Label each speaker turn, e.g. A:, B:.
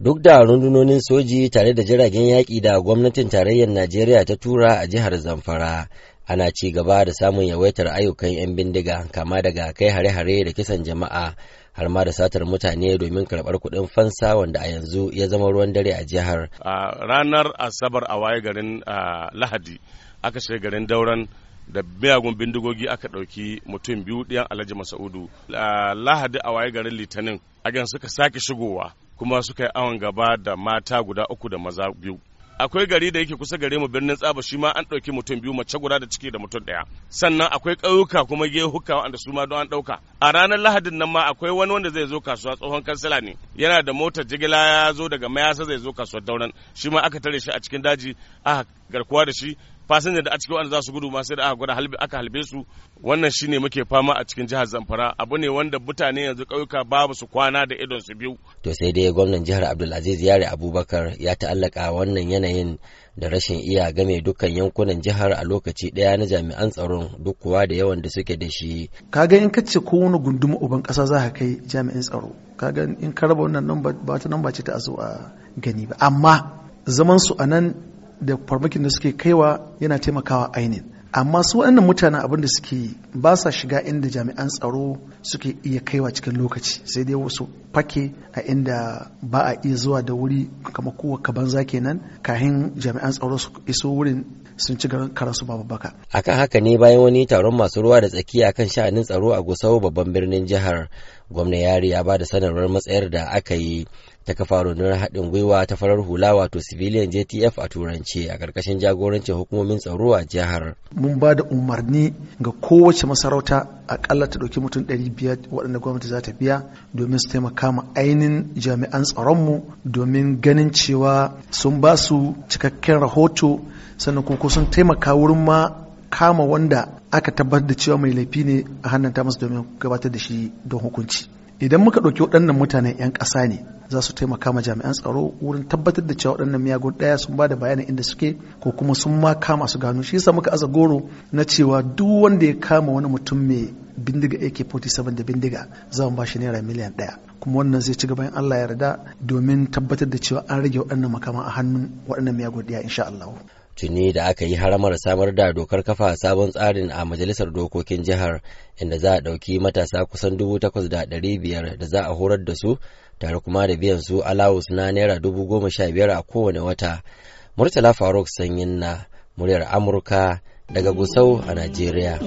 A: duk da rundunonin soji tare da jiragen yaƙi da gwamnatin tarayyar najeriya ta tura a jihar zamfara ana ci gaba da samun yawaitar ayyukan 'yan bindiga kama daga kai hare-hare da kisan jama'a har ma da satar mutane domin karɓar kuɗin fansa wanda a yanzu ya zama ruwan dare a jihar
B: ranar asabar a waye garin lahadi aka shiga garin dauran da biyagun bindigogi aka ɗauki mutum biyu ɗiyan alhaji masaudu lahadi a waye garin litinin agan suka sake shigowa kuma suka yi awon gaba da mata guda uku da maza biyu akwai gari da yake kusa gare mu birnin tsaba shi ma an ɗauki mutum biyu mace guda da ciki da mutum ɗaya sannan akwai ƙauyuka kuma gehuka wanda su ma don an ɗauka a ranar lahadin nan ma akwai wani wanda zai zo kasuwa tsohon kansila ne yana da motar jigila ya zo daga mayasa zai zo kasuwar dauran shi ma aka tare shi a cikin daji aka garkuwa da shi fasinja da a cikin wanda za su gudu ma sai aka gwada halbe aka halbe su wannan shine muke fama a cikin jihar Zamfara abu ne wanda mutane yanzu ƙauyuka babu su kwana da idon su biyu
A: to sai dai gwamnan jihar Abdulaziz Yare Abubakar ya ta'allaka wannan yanayin da rashin iya game dukkan yankunan jihar a lokaci ɗaya na jami'an tsaron duk kuwa da yawan da suke da shi
C: kaga in ka ce kowane gunduma uban ƙasa za ka kai jami'in tsaro kaga in ka raba wannan ba ta ce ta a gani ba amma zaman su a nan da farmakin da suke kaiwa yana taimakawa ainihin amma su waɗannan mutane abin da suke ba sa shiga inda jami'an tsaro suke iya kaiwa cikin lokaci sai dai wasu fake a inda ba a iya zuwa da wuri kamar kowa banza kenan kahin jami'an tsaro su iso wurin sun ci karasu ba babbaka
A: akan haka ne bayan wani taron masu ruwa da tsakiya kan sha'anin tsaro a gusau babban birnin jihar gwamna yari ya ba da sanarwar matsayar da aka yi ta kafa rundunar haɗin gwiwa ta farar hula wato civilian jtf a turance a ƙarƙashin jagorancin hukumomin tsaro a jihar
C: mun ba da umarni ga kowace masarauta akalla ta ɗauki mutum 500 waɗanda gwamnati za ta biya domin su taimaka ma ainihin jami'an tsaronmu domin ganin cewa sun ba su cikakken rahoto sannan kuma sun taimaka wurin ma kama wanda aka tabbatar da cewa mai laifi ne a hannunta masa domin gabatar da shi don hukunci idan muka ɗauki waɗannan mutane 'yan ƙasa ne za su taimaka ma jami'an tsaro wurin tabbatar da cewa waɗannan miyagun ɗaya sun ba da bayanin inda suke ko kuma sun ma kama su gano shi yasa muka aza goro na cewa duk wanda ya kama wani mutum mai bindiga AK47 da bindiga za mu ba shi naira miliyan ɗaya kuma wannan zai ci gaba in Allah ya yarda domin tabbatar da cewa an rage waɗannan makama a hannun waɗannan miyagun ɗaya insha Allah.
A: tuni da aka yi haramar samar da dokar kafa sabon tsarin a majalisar dokokin jihar inda za a ɗauki matasa kusan dubu takwas da ɗari biyar da za a horar da su tare kuma da biyan su alawus na naira dubu goma sha biyar a kowane wata murtala faruk sanyin na muryar amurka daga gusau a najeriya